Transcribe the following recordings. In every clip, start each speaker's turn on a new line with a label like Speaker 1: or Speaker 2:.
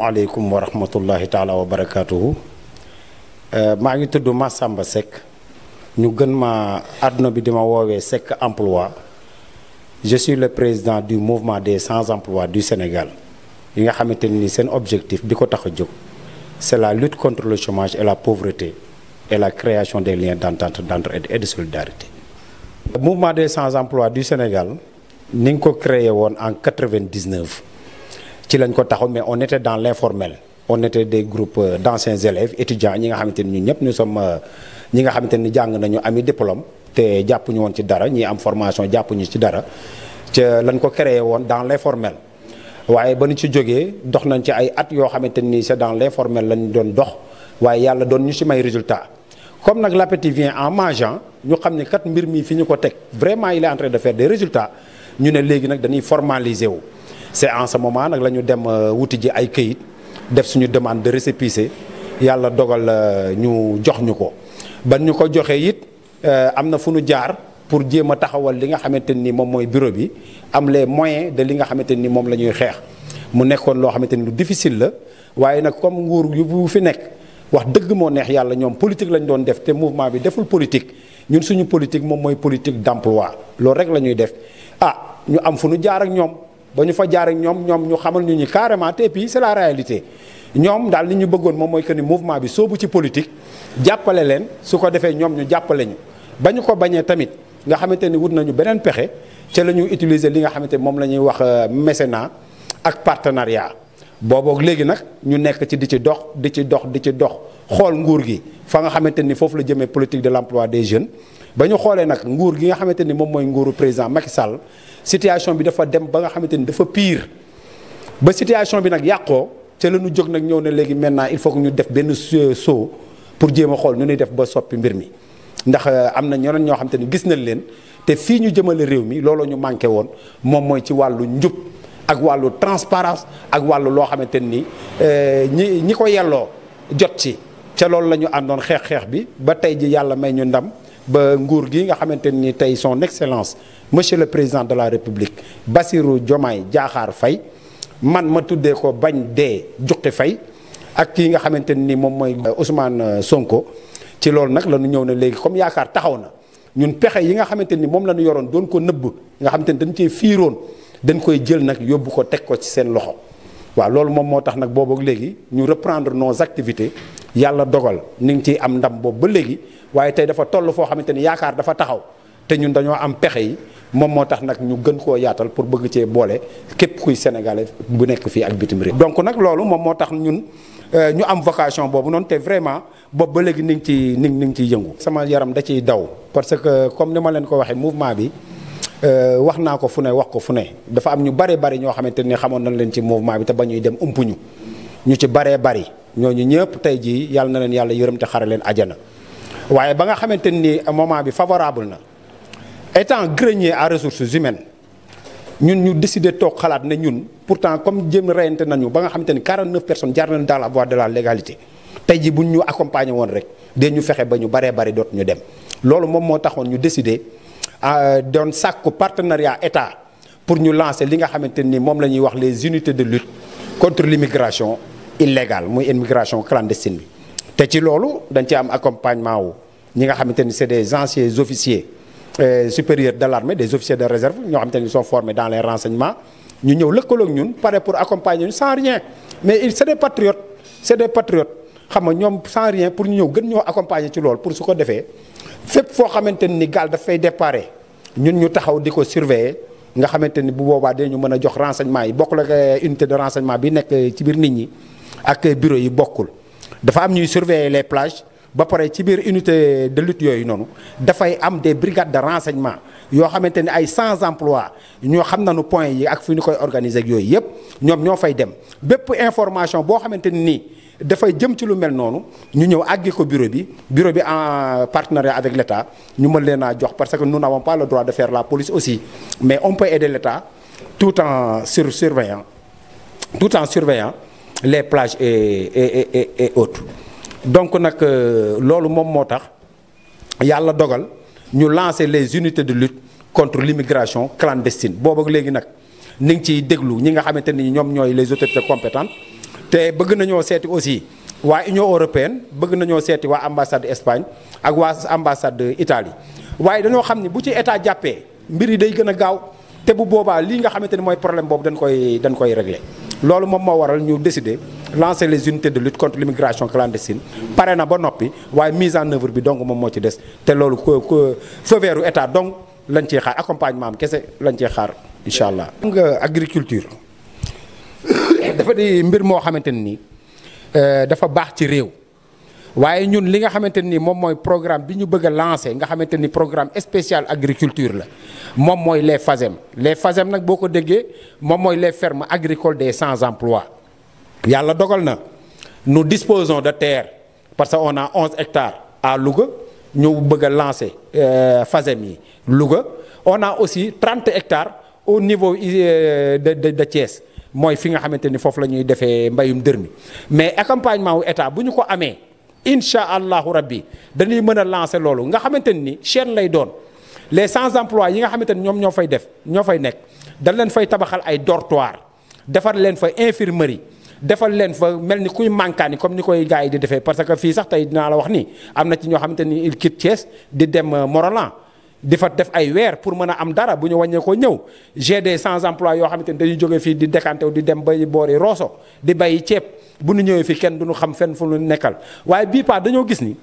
Speaker 1: aleykum wa rahmatullahi taala wa barakaatuhu euh, maa ngi tudd Massamba Seck ñu gën ma àdduna bi di ma woowee Seck emploi je le président du mouvement de sans emploi du Sénégal yi nga xamante ni seen objectif bi ko tax a jóg c'est la lutte contre le chômage et la pauvreté et la création des liens d'entente d'entraide et de solidarité le mouvement de sans emploi du Sénégal ni nga ko créé woon en 99 ci lañ ko taxaw mais on était dans l'informel on était des groupes euh, d'anciens élèves étudiants ñi nga xamante ni ñun ñëpp nous sommes euh, ñi nga xamante ni jàng nañu ami diplôme te jàppuñu woon ci dara ñi am formation jàppuñu ci dara ca lañ ko créer woon dans l'informel waaye ba ñu ci jógee dox nañ ci ay at yoo xamante ni c'est dans l'informel lañ doon dox waaye yàlla doon ñu ci may résultat comme nag l'appétit vient en mangeant ñu xam ne kat mbir mi fi ñu ko teg vraiment il est en train de faire ñu ne léegi nag dañuy formaliser wu c'est en ce moment nag la ñu dem euh, wuti ji ay këyit def suñu demande de récépissé yàlla dogal euh, ñu jox ñu ko ban ñu ko joxee it euh, am na fu nu jaar pour jéem a taxawal li nga xamante nii moom mooy bureau bi am les moyen de li nga xamante ni moom la ñuy xeex mu nekkoon loo xamante ni lu difficile la waaye nag comme nguur yu bu fi nekk wax dëgg moo neex yàlla ñoom politique lañ doon def te mouvement bi deful politique ñun suñu politique moom mooy politique d'emploi loolu rek la ñuy def ah ñu am fu ñu jaar ak ñoom. ba ñu fa jaar ñoom ñoom ñu xamal ñu ñi carrément te puis c'est la réalité ñoom daal li ñu bëggoon moom mooy que ni mouvement bi soobu ci politique jàppale leen su ko defee ñoom ñu jàppale ñu ba ñu ko bañee tamit nga xamante ni wut nañu beneen pexe ca la ñuy utiliser li nga xamante moom la ñuy wax euh, mécénat ak partenariat booboog léegi nag ñu nekk ci di ci dox di ci dox di ci dox xool nguur gi fa nga xamante ni foofu la jëmee politique de l'emploi des jeunes ba ñu xoolee nag nguur gi nga xamante ni moom mooy nguuru président Macky Sall situation bi dafa dem ba nga xamante ni dafa piir ba situation bi nag yàqoo ca la ñu jóg nag ñëw na léegi maintenant il faut que ñu def benn saut pour jéem a xool nu ñuy def ba soppi mbir mi ndax euh, am na ñeneen ñoo xamante ni gis nañ leen te fii ñu jëmale réew mi looloo ñu manqué woon moom mooy ci wàllu njub ak wàllu transparence ak wàllu loo xamante ni euh, ñi ñi ko yàlloo jot si ca loolu la ñu àndoon xeex-xeex bi ba tey ji yàlla may ñu ndam ba nguur gi nga xamante ni tey son excellence monsieur le président de la république Bassirou Diomaye jaaxaar Faye man ma tuddee ko bañ dee juqi fay ak kii nga xamante ni moom mooy Ousmane euh, Sonko ci loolu nag la ñu ñëw ne léegi comme yaakaar taxaw na ñun pexe yi nga xamante ni moom la ñu yoroon doon ko nëbb nga xamante ni dañ cee fiiroon dañ koy jël nag yóbbu ko teg ko ci seen loxo waaw loolu moom moo tax nag boobu léegi ñu reprendre nos activités yàlla dogal ni ngi ciy am ndam boobu ba léegi waaye tey dafa toll foo xamante ni yaakaar dafa taxaw te ñun dañoo am pexe yi moom moo tax nag ñu gën koo yaatal pour bëgg cee boole képp kuy sénégalais bu nekk fii ak bitim réew. donc nag loolu moom moo tax ñun euh, ñu am vocation boobu noonu te vraiment boobu ba léegi ni ngi ciy ni ngi ciy yëngu. sama yaram da ciy daw parce que comme ni ma leen ko waxee mouvement bi. Euh, wax naa ko fu ne wax ko fu ne dafa am ñu bare bari ñoo xamante ni xamoon nañ leen ci mouvement bi te ba ñuy dem ëmp ñu ñu ci baree bari ñooñu ñëpp tey jii yàlla na leen yàlla yërëm te xare leen ajana waaye ba nga xamante ni moment bi favorable na étant grenier à ressources humaines ñun ñu décider toog xalaat ne ñun pourtant comme jëm reyante nañu ba nga xamante ni 49 personnes jaar nañu dans la voie de la légalité tey ji buñ ñu accompagner woon rek dee ñu fexe ba ñu baree bari doot ñu dem loolu moom moo taxoon ñu décider euh, doon sàkku partenariat état pour ñu lancer li nga xamante ni moom la ñuy wax les unités de lutte contre l'immigration illégale muy immigration clandestine bi te ci loolu dañ ci am accompagnement wu ñi nga xamante ni c'est des anciens officiers Euh, supérieur de l'armée des officiers de réserve ñoo xam te ne sont formés dans les renseignements ñu ñëw lëkkaloog ñun pare pour accompagner ñu rien mais il c'est des patriotes c'est des patriotes xam nga ñoom sans rien pour ñu ñëw gën ñoo accompagner ci lool pour su ko defee fépp foo xamante ni gaal dafay déparé ñun ñu taxaw di ko surveiller nga xamante ni bu boobaa ñu mën a jox renseignement yi bokkul ak euh, unité de renseignement bi nekk ci biir nit ñi ak bureau yi bokkul dafa am ba pare ci biir unité de lutte yooyu noonu dafay am des brigades de renseignement yoo xamante ni ay sans emploi ñoo xam nañu point yi ak fu ñu koy organiser yooyu yëpp ñoom ñoo fay dem bépp information boo xamante ni nii dafay jëm ci lu mel noonu ñu ñëw aggi ko bureau bi bureau bi en partenariat avec l' ñu mën leen a jox parce que nous n'avons pas le droit de faire la police aussi mais on peut aider l' état tout en sur surveillant tout en surveillant les plages et et et et donc nag euh, loolu moom moo tax yàlla dogal ñu lancer les unités de lutte contre l'immigration clandestine boobu ak léegi nag ni ngi ciy déglu ñi nga xamante ni ñoom ñooy les autorités compétentes te bëgg nañoo seeti aussi waa Union européenne bëgg nañoo seeti waa ambassade Espagne ak waa ambassade Italie waaye dañoo xam ni bu ci état jàppee mbir yi day gën a gaaw te bu boobaa lii nga xamante ni mooy problème boobu dañ koy dañ koy régler loolu moom moo waral ñu décider lancer les unités de lutte contre l'immigration clandestine pare na ba noppi waaye mise en œuvre bi donc moom moo ci des te loolu ko feu vert état donc lañ ciy xaar accompagnement am kese lañ ciy xaar incha allah. nga agriculture dafa di mbir moo xamante ni euh, dafa baax ci réew. waaye ñun li nga xamante ni moom mooy programme bi ñu bëgg a nga xamante ni programme spécial agriculture la moom mooy les FASEM les FASEM nag boo ko déggee moom mooy les fermes agricole des sans emploi yàlla dogal na nu disposons de terre parce que on a 11 hectares à Louga ñu bëgg a lancé euh, FASEM yi Louga on a aussi 30 hectares au niveau euh, de de de Thiès mooy fi nga xamante ni foofu la ñuy defee mbayum dër mi mais accompagnement wu état bu ñu ko amee. incha allahu rabbi dañuy mën lancer loolu nga xamante ni chaîne lay doon les sans emploi yi nga xamante ni ñoom ñoo fay def ñoo fay nekk dañ leen fay tabaxal ay dortoir defar leen fa infirmerie defal leen fa mel ni kuy mankaani comme ni koy gars di defee parce que fii sax tey dinaa la wax nii am na ci ñoo xamante ni il quitte Thiès di dem euh, Morolan di fa def ay weer pour mën a am dara bu ñu wàññee ko ñëw j'ai des sans emploi yoo xamante ni dañuy jógee fii di décanté wu di dem bay boori Rosso di bayi ceeb. bu nu ñëwee fii kenn du ñu xam fenn fu ñu nekkal waaye bii paa dañoo gis ni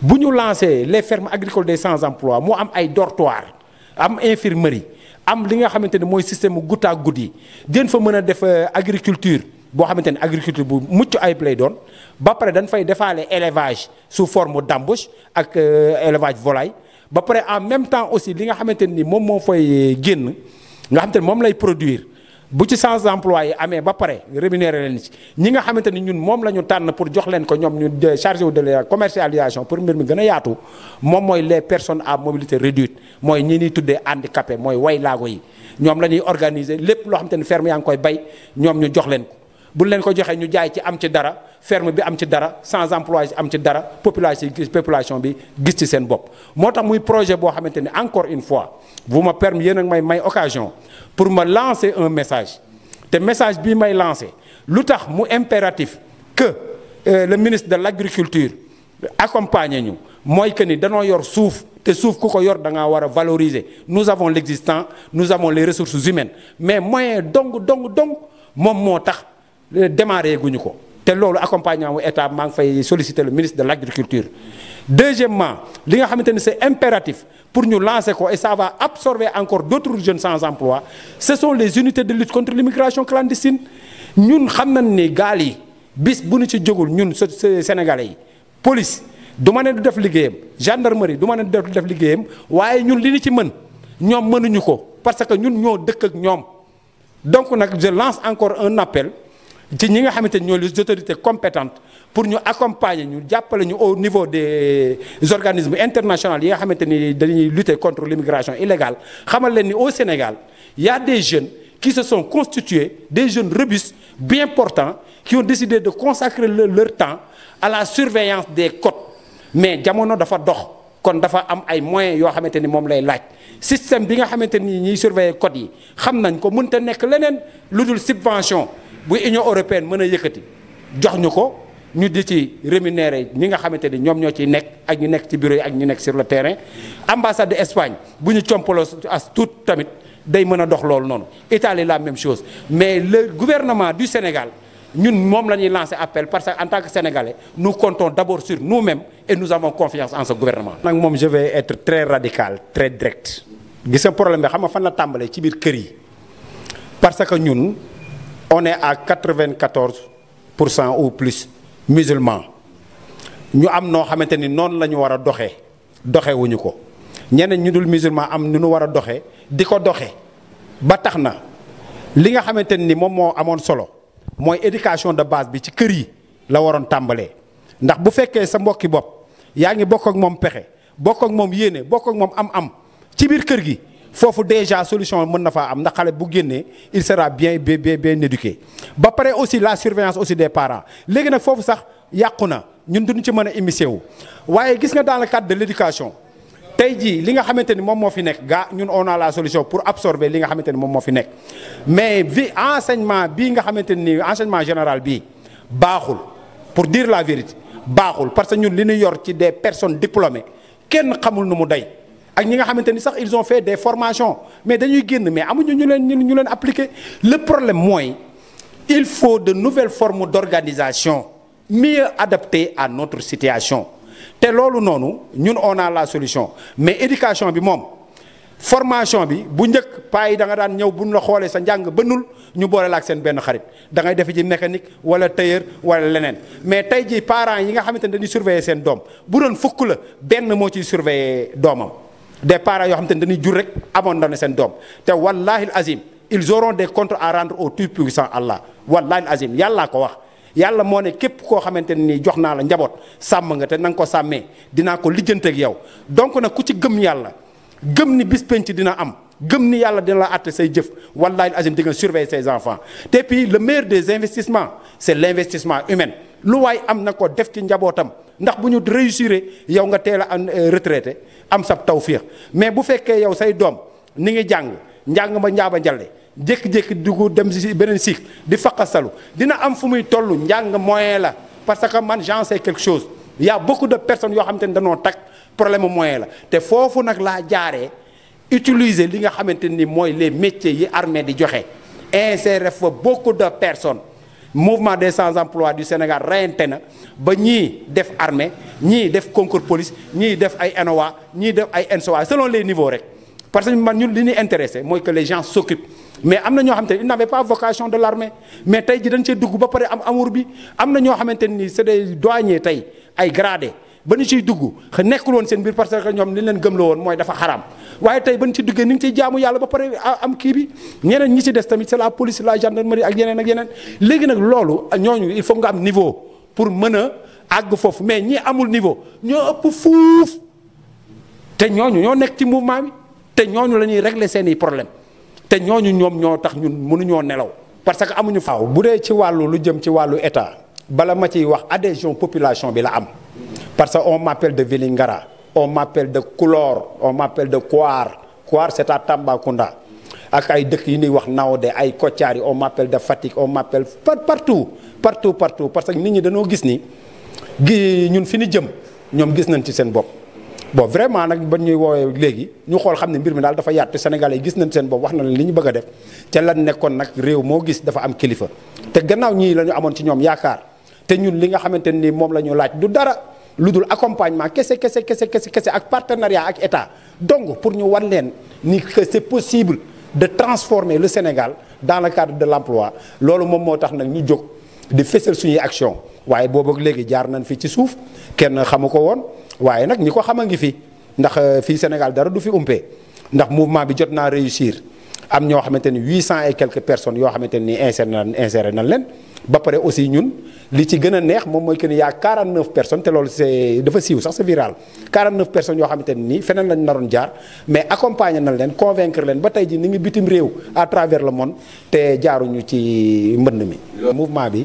Speaker 1: bu ñu lancé les fermes agricoles des sans emploi moo am ay dortoir am infirmerie am li nga xamante ne mooy système goutte à goutte yi dén mën a def euh, agriculture boo xamante ne agriculture bu mucc ayib lay ba pare dañ fay defaale élevage sous forme d'embauche ak euh, élevage volaille ba pare en même temps aussi li nga xamante ni moom moo fay euh, génn nga xamante ne moom lay produire bu ci sans emploi yi amee ba pare rémunérer leen ci ñi nga xamante ni ñun moom la ñu tànn pour jox leen ko ñoom ñu chargé de la commercialisation pour mbir mi gën a yaatu moom mooy les personne à mobilité réduite mooy ñi ñuy tuddee handicapé mooy way laago yi ñoom la ñuy organiser lépp loo xamante ni ferme yaa ngi koy bay ñoom ñu jox leen ko buñ leen ko joxee ñu jaay ci am ci dara ferme bi am ci dara sans emploi am ci dara population population bi gis ci seen bopp moo tax muy projet boo xamante ni encore une fois bu ma permettez yeneen a may may occasion pour ma lancer un message te message bii may lancer lu tax mu impératif que euh, le ministre de l'agriculture accompagner ñu mooy que ni danoo yor suuf te suuf ku ko yor da ngaa war a valoriser nous avons l'existant nous avons les ressources humaines mais moyen dong dong dong moom moo tax euh, démarrer guñu ko te loolu accompagnement état maa ngi fay solliciter le ministre de l' agriculture deuxièmement li nga xamante ni c' est impératif pour ñu lancer ko et ça va absorber encore d' autres jeunes sans emploi ce sont les unités de lutte contre l'immigration clandestine ñun xam nañ ni gaal yi bis bu ñu ci jógul ñun sénégalais yi police du ma ne du def liggéeyam gendarmerie du ma ne du def liggéeyam waaye ñun li ñu ci mën ñoom mënuñu ko parce que ñun ñoo dëkk ak ñoom donc nag je lance encore un appel ci ñi nga xamante ni ñoo les autorité compétentes pour ñu accompagner ñu jàppale ñu au niveau des organismes internationaux yi nga xamante ni dañuy lutter contre l'immigration illégale xamal leen ni au Sénégal il des jeunes qui se sont constitués des jeunes robustes bien portants qui ont décidé de consacrer leur temps à la surveillance des côtes mais jamono dafa dox kon dafa am ay moyens yoo xamante ni moom lay laaj système bi nga xamante ni ñiy surveiller côtes yi xam nañ ko mënta nekk leneen lu dul subvention bu union européenne mën a yëkkati jox ñu ko ñu di ci rémunérer ñi nga xamante ni ñoom ñoo ciy nekk ak ñu nekk ci bureau yi ak ñu nekk sur le terrain ambassade de Espagne bu ñu compaloo as tuut tamit day mën a dox loolu noonu Italie la même chose mais le gouvernement du Sénégal ñun moom la ñuy lancer appel parce que en tant que sénégalais nous comptons d'abord sur nous-mêmes et nous avons confiance en ce gouvernement. nag moom je vais être très radical très direct gis nga problème bi xam nga fan la tàmbalee ci biir kër yi parce que on est à 94 pour cent au plus musulmans ñu am noo xamante ni noonu la ñu war a doxee doxewuñu ko ñeneen ñu dul musulman am nu ñu war a doxee di ko doxe ba tax na li nga xamante ni moom moo amoon solo mooy éducation de base bi ci kër yi la waroon tàmbalee ndax bu fekkee sa mbokki bopp yaa ngi bokk ak moom pexe bokk ak moom yéene bokk ak moom am-am ci biir kër gi. foofu déjà solution mën na faa am ndax xale bu génnee il sera bien bien bien éduqué ba pare aussi la surveillance aussi des parent léegi nag foofu sax yàqu na ñun duñu ci mën a immiscé wu waaye gis nga dans le cadre de l'éducation tey jii li nga xamante ni moom moo fi nekk gaa ñun on la solution pour absorber li nga xamante ni moom moo fi nekk mais vi enseignement bii nga xamante ni enseignement général bii baaxul pour dire la vérité baaxul parce que ñun li ñu yor ci des personnes diplômées kenn xamul nu mu day ak ñi nga xamante ni sax ils ont fait des formation mais dañuy génn mais amuñu ñu leen ñu leen appliquer le problème mooy il faut de nouvelle formes d'organisation mieux adapté à notre situation te loolu noonu ñun on a la solution mais éducation bi moom formation bi bu njëkk paa yi da daan ñëw buñ la xoolee sa njàng bënnul ñu boole la ak seen benn xarit da ngay defe ci mécanique wala tailleur wala leneen mais tey ji parent yi nga xamante ne dañuy surveiller seen doom bu doon fukk la benn moo ciy surveiller doomam des parents yoo xam te ne dañuy jur rek abandonné seen doom te wallahi azim ils auront des comptes à rendre au tout puissant Allah wallahi azim yàllaa ko wax yàlla moo ne képp koo xamante ne nii jox naa la njaboot sàmm nga te na ko sàmmee dinaa ko lijjante ak yow donc nag ku ci gëm yàlla gëm ni bis penc dina am gëm ni yàlla dina la àtte say jëf wallahi azim di nga surveiller ses enfants te puis le meilleur des investissements c'est l'investissement humain lu waay am na ko def ci njabootam ndax bu ñu réussir yow nga teel a am euh, retraité am sab tawféex mais bu fekkee yow say doom ni ngi jàng njàng ma njaaba njale jékki-jékki dugg dem si beneen cycle di salu dina am fu muy toll njàng moyen la parce que man j'en sais quelque chose y a de personnes yoo xamante ni dañoo takk problème moyen la te foofu nag laa jaaree utiliser li nga xamante ni mooy les métiers yi armée di joxe insérer fa beaucoup de personnes. mouvement des sans emploi du Sénégal reyante na ba ñii def armée ñii def concours police ñii def ay ENOA ñii def ay ENSOA selon les niveaux rek parce que man ñun li ñuy intéressé mooy que les gens s'occupent mais am na ñoo xamante ne ils n'avaient pas vocation de l'armée mais tey ji dañ cee dugg ba pare am amour bi am na ñoo xamante nii c'est des douaniers tey ay gradés ba ñu ciy dugg xa nekkul woon seen biir parce que ñoom li leen gëmloo woon mooy dafa xaraam waaye tey ba ñu ci duggee ni ngi ciy jaamu yàlla ba pare ah, am kii bi ñeneen ñi si des tamit c'est la police la gendarmerie ak yeneen ak yeneen léegi nag loolu ñooñu il faut nga am niveau pour mën a àgg foofu mais ñi amul niveau ñoo ëpp fuuf te ñooñu ñoo nekk ci mouvement bi te ñooñu la ñuy régler seen i problème te ñooñu ñoom ñoo tax ñun mënuñoo nelaw parce que amuñu. waaw bu dee ci wàllu lu jëm ci wàllu état bala ma ciy wax adhésion population bi la am. Parce que qu'on m'appelle de Vilingara, on m'appelle de Koulor, on m'appelle de Kouar. Kouar, c'est à Tambacounda. ak ay dëkk yi ñuy wax de ay Kothiari on m'appelle de Fatick on m'appelle partout partout partout parce que nit ñi dañoo gis ni gi ñun fi ñu jëm ñoom gis nañ ci seen bopp. bon vraiment nag ba ñuy woowee léegi ñu xool xam ne mbir mi daal dafa yaatu Sénégalais yi gis nañ seen bopp wax na leen li ñu bëgg a def te lan nekkoon nag réew moo gis dafa am kilifa te gannaaw ñii la ñu amoon ci ñoom yaakaar te ñun li nga xamante ni moom la ñu laaj du dara. lu dul accompagnement kese kese kese kese kese ak partenariat ak état donc pour ñu wan leen ni que possible de transformer le Sénégal dans le cadre de l'emploi loolu moom moo tax nag ñu jóg di fësal suñuy action waaye boobu ak léegi jaar nañ fi ci suuf kenn xamu ko woon waaye nag ñi ko xam a ngi fi ndax euh, fii Sénégal dara du fi umpee ndax mouvement bi jot naa réussir am ñoo xamante ni 800 et quelques personnes yoo xamante ni inséré na inséré nañ leen ba pare aussi ñun li ci gën a neex moom mooy que ni y' a 49 personnes te loolu c'est dafa siiw sax c'est viral 49 personnes yoo xamante ne nii feneen lañ naroon jaar mais accompagner na leen convaincre leen ba tey ji ni ngi bitim à travers le monde te jaaruñu ci mbënd mi. mouvement bi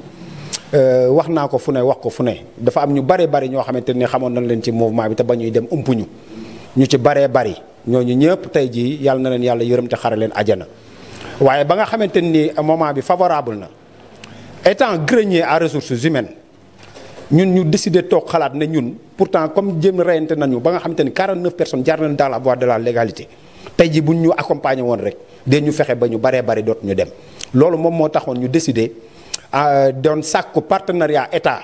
Speaker 1: euh, wax naa ko fu ne wax ko fu ne dafa am ñu bare bari ñoo xamante ne xamoon nañ leen ci mouvement bi te ba ñuy dem umpuñu ñu ñu ci baree bari ñooñu ñëpp tey jii yàlla na leen yàlla yërëm te xare leen ajana waaye ba nga xamante ni moment bi favorable na. étant grenier à ressources humaines ñun ñu décider toog xalaat ne ñun pourtant comme jéem reyante nañu ba nga xamante ni 49 personnes jaar nañ dans la voie de la légalité tey jii buñ ñu accompagner woon rek de ñu fexe ba ñu baree bari doot ñu dem loolu moom moo taxoon ñu décider euh, doon sàkku partenariat état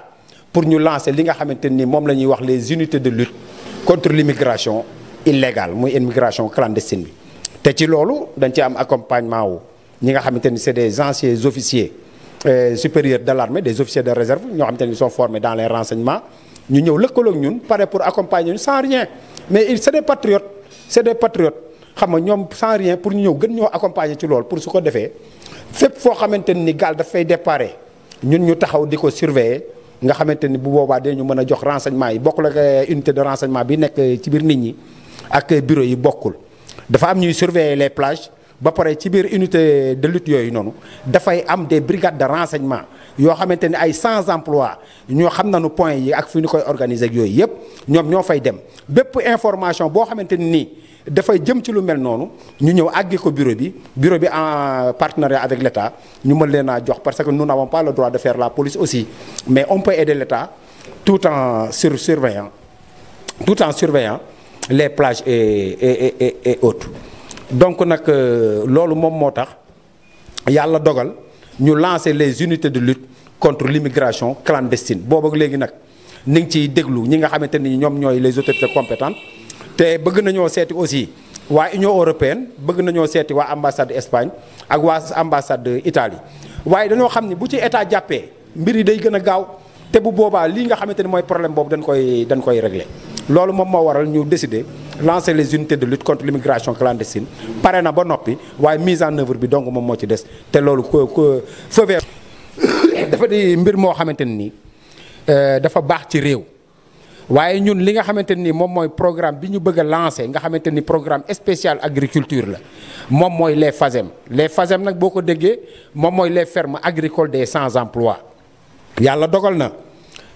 Speaker 1: pour ñu lancer li nga xamante ni moom la ñuy wax les unités de lutte contre l'immigration illégale muy immigration clandestine bi te ci loolu dañ ci am accompagnement wu ñi nga xamante ni c'est des anciens officiers Euh, supérieur de l'armée des officiers de réserve ñoo xam te ne ils sont formés dans les renseignements ñu ñëw lëkkaloog ñun pare pour accompagner ñu sans rien mais il c'est des patriotes c'est des patriotes xam nga ñoom sans rien pour ñu ñëw gën ñoo accompagner ci lool pour su ko defee fépp foo xamante ni gaal dafay déparé ñun ñu taxaw di ko surveiller nga xamante ni bu boobaa dee ñu mën a jox renseignement yi bokkul euh, unité de renseignement bi nekk ci biir nit ñi ak bureau yi bokkul ba pare ci biir unité de lutte yooyu noonu dafay am des brigades de renseignement yoo xamante ni ay sans emploi ñoo xam na nañu point yi ak fi ñu koy organiser yooyu yëpp ñoom ñoo fay dem bépp information boo xamante ni nii dafay jëm ci lu mel noonu ñu ñëw àggi ko bureau bi bureau bi en partenariat avec l' état ñu mën leen a jox parce que nu n'avons pas le droit de faire la police aussi mais on peut aider l' état tout en sur surveillant tout en surveillant les plages et et et et donc nag euh, loolu moom moo tax yàlla dogal ñu lancer les unités de lutte contre l'immigration clandestine boobu ak léegi nag ni ngi ciy déglu ñi nga xamante ni ñoom ñooy les autorités compétentes te bëgg nañoo seeti aussi waa Union européenne bëgg nañoo seeti waa ambassade Espagne ak waa ambassade Italie waaye dañoo xam ni bu ci état jàppee mbir yi day gën a gaaw te bu boobaa lii nga xamante ni mooy problème boobu dañ koy dañ koy régler loolu moom moo waral ñu décider lancer les unités de lutte contre l'immigration clandestine pare na ba noppi waaye mise en œuvre bi donc moom moo ci des te loolu ko feu dafa de mbir moo xamante ne nii euh, dafa baax ci réew waaye ñun li nga xamante nii moom mooy programme bi ñu bëgg a lancé nga xamante ni programme spécial agriculture la moom mooy les FASEM les FASEM nag boo ko déggee moom mooy les fermes agricoles des sans emploi yàlla dogal na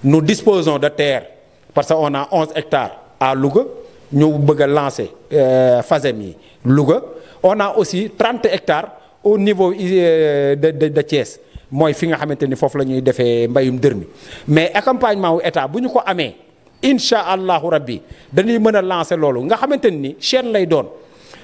Speaker 1: nu disposons de terre parce que on a 11 hectares à Louga ñu bëgg a lancer euh, FASEM yi Louga on a aussi trente hectares au niveau euh, de de de Thiès mooy fi nga xamante ni foofu la ñuy defee mbayum dër mi mais accompagnement wu état bu ñu ko amee incha allahu rabbi dañuy mën a lancer loolu nga xamante ni chaîne lay doon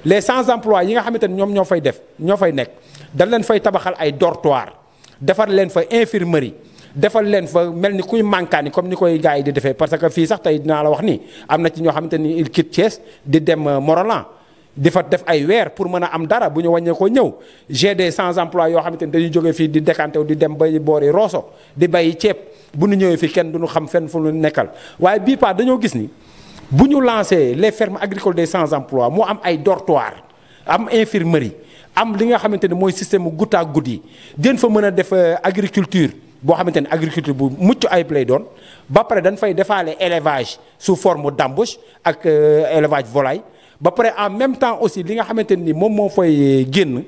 Speaker 1: les sans emploi yi nga xamante ni ñoom ñoo fay def ñoo fay nekk dañ leen fay tabaxal ay dortoir defar leen fa infirmerie. defal leen fa mel ni kuy mankaani comme ni koy gars yi di defee parce que fii sax tey dinaa la wax nii am na ci ñoo xamante ni il quitte Thiès di dem euh, Morolan di fa def ay weer pour mën a am dara bu ñu wàññee ko ñëw j'ai des sans emploi yoo xamante ni dañu jóge fii di décanté wu di dem bay boori Rosso di bay ceeb bu ñu ñëwee fii kenn du ñu xam fenn fu ñu nekkal waaye bii pas dañoo gis ni bu ñu lancé les fermes agricole des sans emploi moo am ay dortoir am infirmerie am li nga xamante ni mooy système goutte à goutte yi dén fa mën a def euh, agriculture boo xamante ni agriculture bu mucc ayib lay doon ba pare dañ fay defaale élevage sous forme d'embauche ak euh, élevage volaille ba pare en même temps aussi li nga xamante ni moom moo fay euh, génn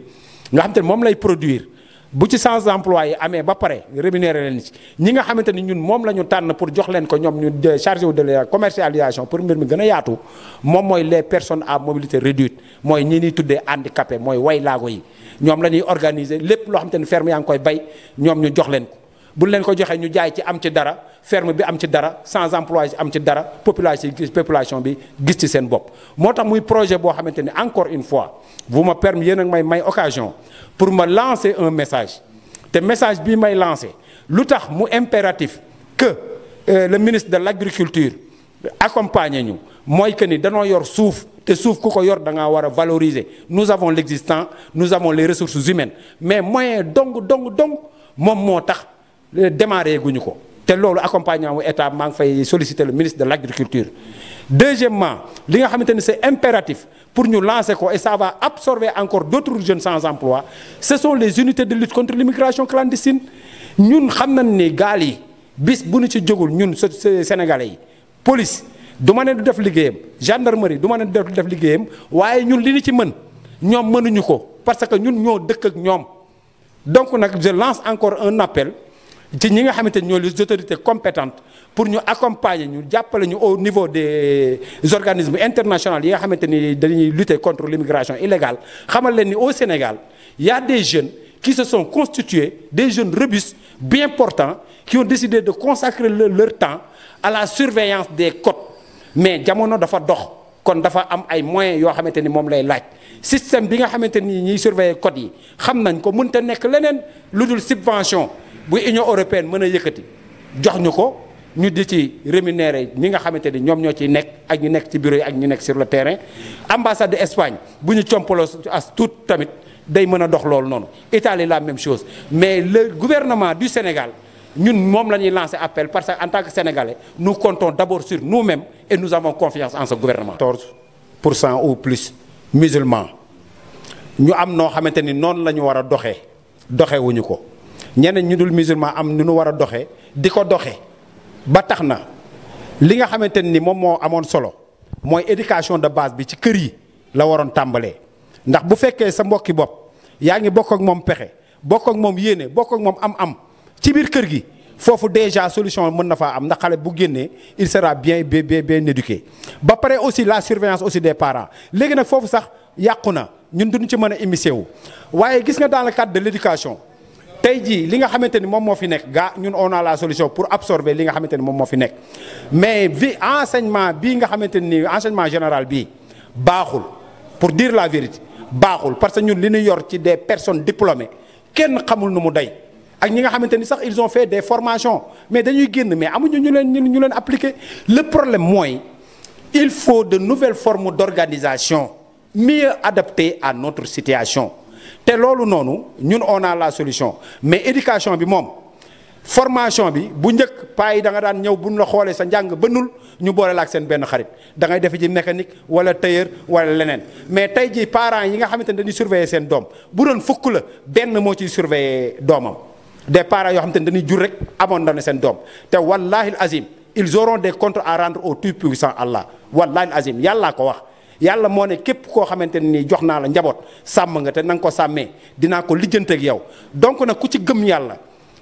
Speaker 1: nga xamante ni moom lay produire bu ci sans emploi yi amee ba pare rémunérer leen ci ñi nga xamante ni ñun moom la ñu tànn pour jox leen ko ñoom ñu chargé wu de la commercialisation pour mbir mi gën a yaatu moom mooy les personnes à mobilité réduite mooy ñi ñuy tuddee handicapé mooy way laago yi ñoom la ñuy organiser lépp loo xamante ni ferme yaa ngi koy bay ñoom ñu jox leen bu leen ko joxee ñu jaay ci am ci dara ferme bi am ci dara sans emploi am ci dara population population bi gis ci seen bopp moo tax muy projet boo xamante ni encore une fois vous ma permettez yéen a may may occasion pour ma lancer un message te message bii may lancer lu tax mu impératif que euh, le ministre de l'agriculture accompagner ñu mooy que ni danoo yor suuf te suuf ku ko yor da ngaa war a valoriser nous avons l'existant nous avons les ressources humaines mais moyen dong dong dong moom moo tax démarré guñu ko te loolu accompagnement état maa ngi fay solliciter le ministre de l' agriculture deuxièmement li nga xamante ni c' est impératif pour ñu lancer ko et ça va absorber encore d' autres jeunes sans emploi ce sont les unités de lutte contre l'immigration clandestine ñun xam nañ ni gaal yi bis bu ñu ci jógul ñun sénégalais yi police du ma ne du def liggéeyam gendarmerie du ma ne du def liggéeyam waaye ñun li ñu ci mën ñoom mënuñu ko parce que ñun ñoo dëkk ak ñoom donc nag je lance encore un appel ci ñi nga xamante ni ñoo les autorités compétente pour ñu accompagner ñu jàppale ñu au niveau des organismes internationaux yi nga xamante ni dañuy lutter contre l'immigration illégale xamal leen ni au Sénégal y des jeunes qui se sont constitués des jeunes robustes bien portants qui ont décidé de consacrer leur temps à la surveillance des côtes mais jamono dafa dox kon dafa am ay moyens yoo xamante ni moom lay laaj système bi nga xamante ni ñiy surveiller côtes yi xam nañ ko mënta nekk leneen lu dul subvention bu union européenne mën a yëkkati jox ñu ko ñu di ci rémunérer ñi nga xamante ni ñoom ñoo ciy nekk ak ñu nekk ci bureau yi ak ñu nekk sur le terrain ambassade de Espagne bu ñu compaloo as tout tamit day mën a dox loolu noonu Italie la même chose mais le gouvernement du Sénégal ñun moom la ñuy lancer appel parce que en tant que sénégalais nous comptons d'abord sur nous-mêmes et nous avons confiance en ce gouvernement. 14 pour cent ou plus musulmans ñu am noo xamante ni noonu la ñu war a doxee doxewuñu ko. ñeneen ñu dul musulman am nu nu war a doxee di ko doxe ba tax na li nga xamante ni moom moo amoon solo mooy éducation de base bi ci kër yi la waroon tàmbalee ndax bu fekkee sa mbokki bopp yaa ngi bokk ak moom pexe bokk ak moom yéene bokk ak moom am-am ci biir kër gi foofu déjà solution mën na faa am ndax xale bu génnee il sera bien bien bien éduqué ba pare aussi la surveillance aussi des parents léegi nag foofu sax yàqu na ñun duñ ci mën a immiscer wu waaye gis nga dans le cadre de l'éducation tey jii li nga xamante ni moom moo fi nekk gaa ñun on a la solution pour absorber li nga xamante ni moom moo fi nekk mais vi enseignement bii nga xamante ni enseignement général bi baaxul pour dire la vérité baaxul parce que ñun li ñu yor ci des personnes diplômées kenn xamul nu mu day ak ñi nga xamante ni sax ils ont fait des formations mais dañuy génn mais amuñu ñu leen ñu leen appliquer le problème mooy il faut de nouvelles forme d'organisation mieux adaptées à notre situation te loolu noonu ñun on a la solution mais éducation bi moom formation bi bu njëkk paa yi da daan ñëw buñ la xoolee sa njàng bënnul ñu boole la ak seen benn xarit da ngay defe ji mécanique wala tailleur wala leneen mais tey jii parents yi nga xamante ne dañuy surveiller seen doom bu doon fukk la benn moo ciy surveiller doomam des parents yoo xamante ne dañuy jur rek abandonné seen doom te wallaahi azim ils auront des comptes à rendre au tout puissant Allah wallaahi azim yàllaa ko wax yàlla moo ne képp koo xamante ne nii jox naa la njaboot sàmm nga te na ko sàmmee dinaa ko lijjante ak yow donc nag ku ci gëm yàlla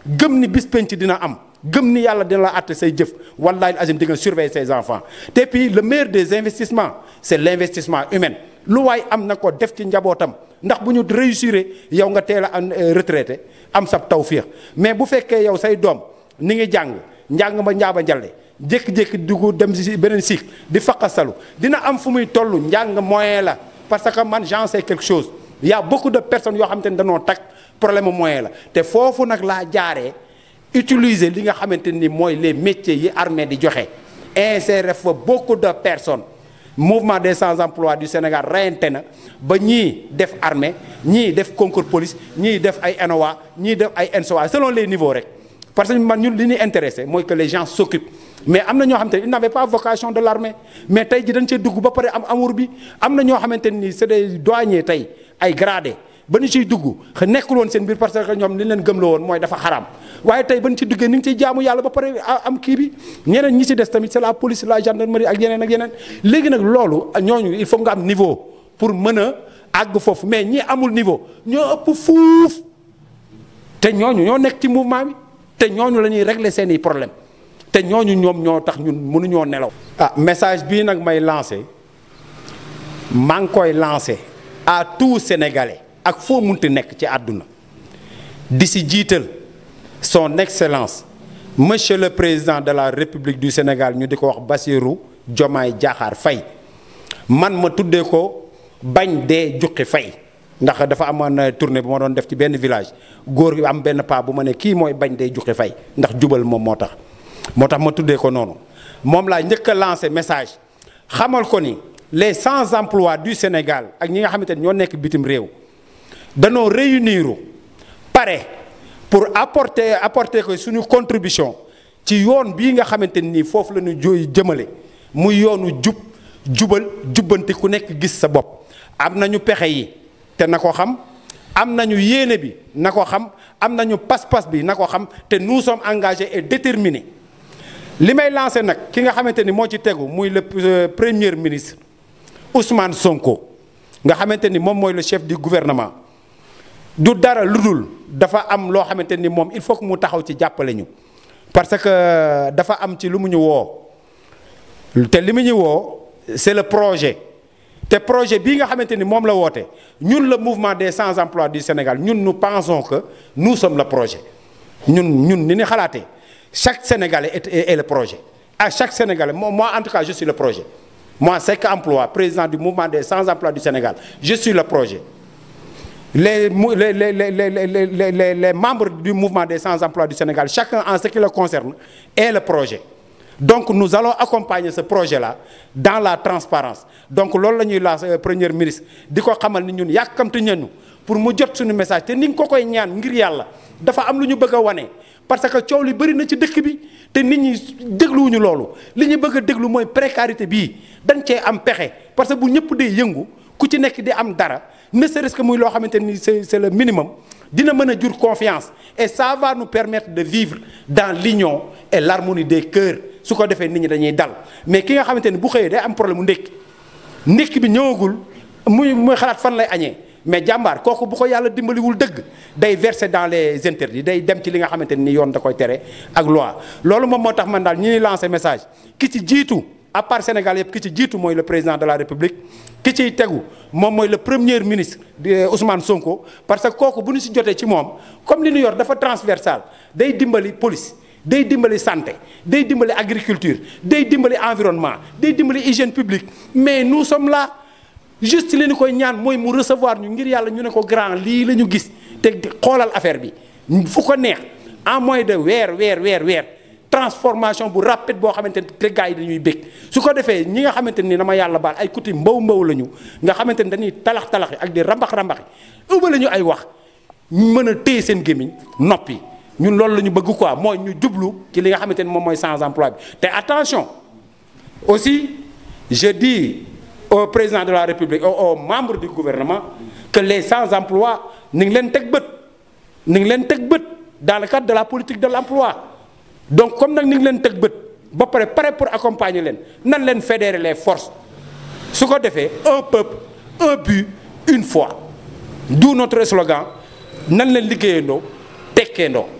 Speaker 1: gëm ni bis penc dina am gëm ni yàlla dina la àtte say jëf wallaahi azim di nga surveiller ses enfants te puis le maire des investissements c'est l'investissement humain lu waaye am na ko def ci njabootam ndax bu ñu réussir yow nga teel a am euh, retraité am sab tawfiix mais bu fekkee yow say doom ni ngi jàng njàng ma njaaba njalle jékki-jékki dugg dem si beneen cycle di salu dina am fu muy toll njàng moyen la parce que man j'en sais quelque chose il beaucoup de personnes yoo xamante ni dañoo tag problème moyen la te foofu nag laa jaaree utiliser li nga xamante ni mooy les métier yi armée di joxe insérer fa beaucoup de personne mouvement des sans emploi du Sénégal reyante na ba ñii def armée ñii def concours police ñii def ay ENOA ñii def ay ENSOA selon les niveaux rek parce que man ñun li ñuy intéressé mooy que les gens s'occupent mais am na ñoo xam ne il n'avait de l'armée mais tey ji dañ cee dugg ba pare am amour bi am na ñoo xamante ni c'est des douaniers tey ay gradés ba ñu ciy dugg nekkul woon seen biir parce que ñoom li leen gëm la woon mooy dafa xaram waaye tey ba ñu ci duggee ni ngi ciy jaamu yàlla ba pare am kii bi ñeneen ñi si des tamit c'est la police la gendarmerie ak yeneen ak yeneen léegi nag loolu ñooñu il faut nga am niveau pour mën a àgg foofu mais ñi amul niveau ñoo ëpp fuuf te ñooñu ñoo nekk ci mouvement bi te ñooñu la ñuy régler seen i problème te ñooñu ñoom ñoo tax ñun mënuñoo nelaw. ah message bii nag may lancé maa ngi koy lancé à tout sénégalais ak foo munti nekk ci àdduna di si jiital son excellence monsieur le président de la république du Sénégal ñu di ko wax Bassirou Diomaye Diakhar Faye man ma tuddee ko bañ dee juqi fay ndax dafa amoon euh, tournée bu ma doon def ci benn village góor gi am benn paa bu ma ne kii mooy bañ dee juqi fay ndax jubal moom moo tax. moo tax ma tuddee ko noonu moom laa njëkk a lancé message xamal ko ni les sans emploi du Sénégal ak ñi nga xamante ni ñoo nekk bitim réew danoo réunir pare pour apporter apporte ko suñu contribution ci yoon bii nga xamante nii foofu la ñu jooy jëmale muy yoonu jub jubal jubbanti ku nekk gis sa bopp am nañu pexe yi te na ko xam am nañu yéene bi na ko xam am nañu pas-pas bi na ko xam te nous sommes engagés et déterminés li may lancé nag ki nga xamante ni moo ci tegu muy le euh, premier ministre Ousmane Sonko nga xamante ni moom mooy la chef du gouvernement du dara lu dul dafa am loo xamante ni moom il faut que mu taxaw ci jàppale ñu parce que euh, dafa am ci lu mu ñu woo te li mu ñu woo c'est le projet te projet bii nga xamante ni moom la woote ñun la mouvement des sans emploi du Sénégal ñun nu pensons que nous sommes le projet ñun ñun ni ñu xalaatee Chaque Sénégalais est, est, le projet. À chaque Sénégalais, moi, moi, en tout cas, je suis le projet. Moi, Sec Emploi, président du mouvement des sans-emploi du Sénégal, je suis le projet. Les, les, les, les membres du mouvement des sans-emploi du Sénégal, chacun en ce qui le concerne, est le projet. Donc nous allons accompagner ce projet la dans la transparence. Donc, c'est ce que la euh, première ministre dit. Nous pour mu jot suñu message te ni nga koo koy ñaan ngir yàlla dafa am lu ñu bëgg a wane parce que coow li bëri na ci dëkk bi te nit ñi dégluwuñu loolu li ñu bëgg a déglu mooy précarité bii dañ cee am pexe parce que bu ñëpp dee yëngu ku ci nekk di am dara ne serait-ce muy loo xamante ni c'est c'est le minimum dina mën a jur confiance et ça va nous permettre de vivre dans l'union et l'harmonie des cœurs su ko defee nit ñi dañuy dal mais ki nga xamante ni bu xëyee day am problème mu ndékki ndékki bi ñëwagul muy muy xalaat fan lay añee mais jàmbaar kooku bu ko yàlla dimbaliwul dëgg day verser dans les interdits day dem ci li nga xamante ni yoon da koy tere ak loi loolu moom moo tax man daal ñu ngi lancé message ki ci jiitu à Sénégal yëpp ki ci jiitu mooy le président de la République ki ciy tegu moom mooy le première ministre euh, Ousmane Sonko parce que kooku bu ñu si jotee ci moom comme li ñu yor dafa transversal day dimbali police day dimbali santé day dimbali agriculture day dimbali environnement day dimbali hygiène publique juste leen koy ñaan mooy mu recevoir ñu ngir yàlla ñu ne ko grand lii la ñu gis te xoolal affaire bi fu ko neex en moins de weer weer weer weer transformation bu rapide boo xamante ni te gars yi dañuy bëgg su ko defee ñi nga xamante ni dama yàlla baal ay kuti mbaw mbaw la ñu nga xamante ni dañuy talax talaxi ak di rambax rambaxi uba la ñu ay wax ñu mën a téye seen gémmiñ noppi ñun loolu la ñu bëgg quoi mooy ñu jublu ci li nga xamante ni moom mooy sans emploi bi te attention aussi je dis au président de la république aux membre du gouvernement que les sans emploi ni ngi leen teg bët ni ngi leen teg bët dans le cadre de la politique de l' emploi donc comme nag ni ngi leen teg bët ba pare pare pour accompagner leen nan leen fédérer les forces su ko defee un peuple un but une fois d'où notre slogan nan leen liggéeyandoo tekkeendoo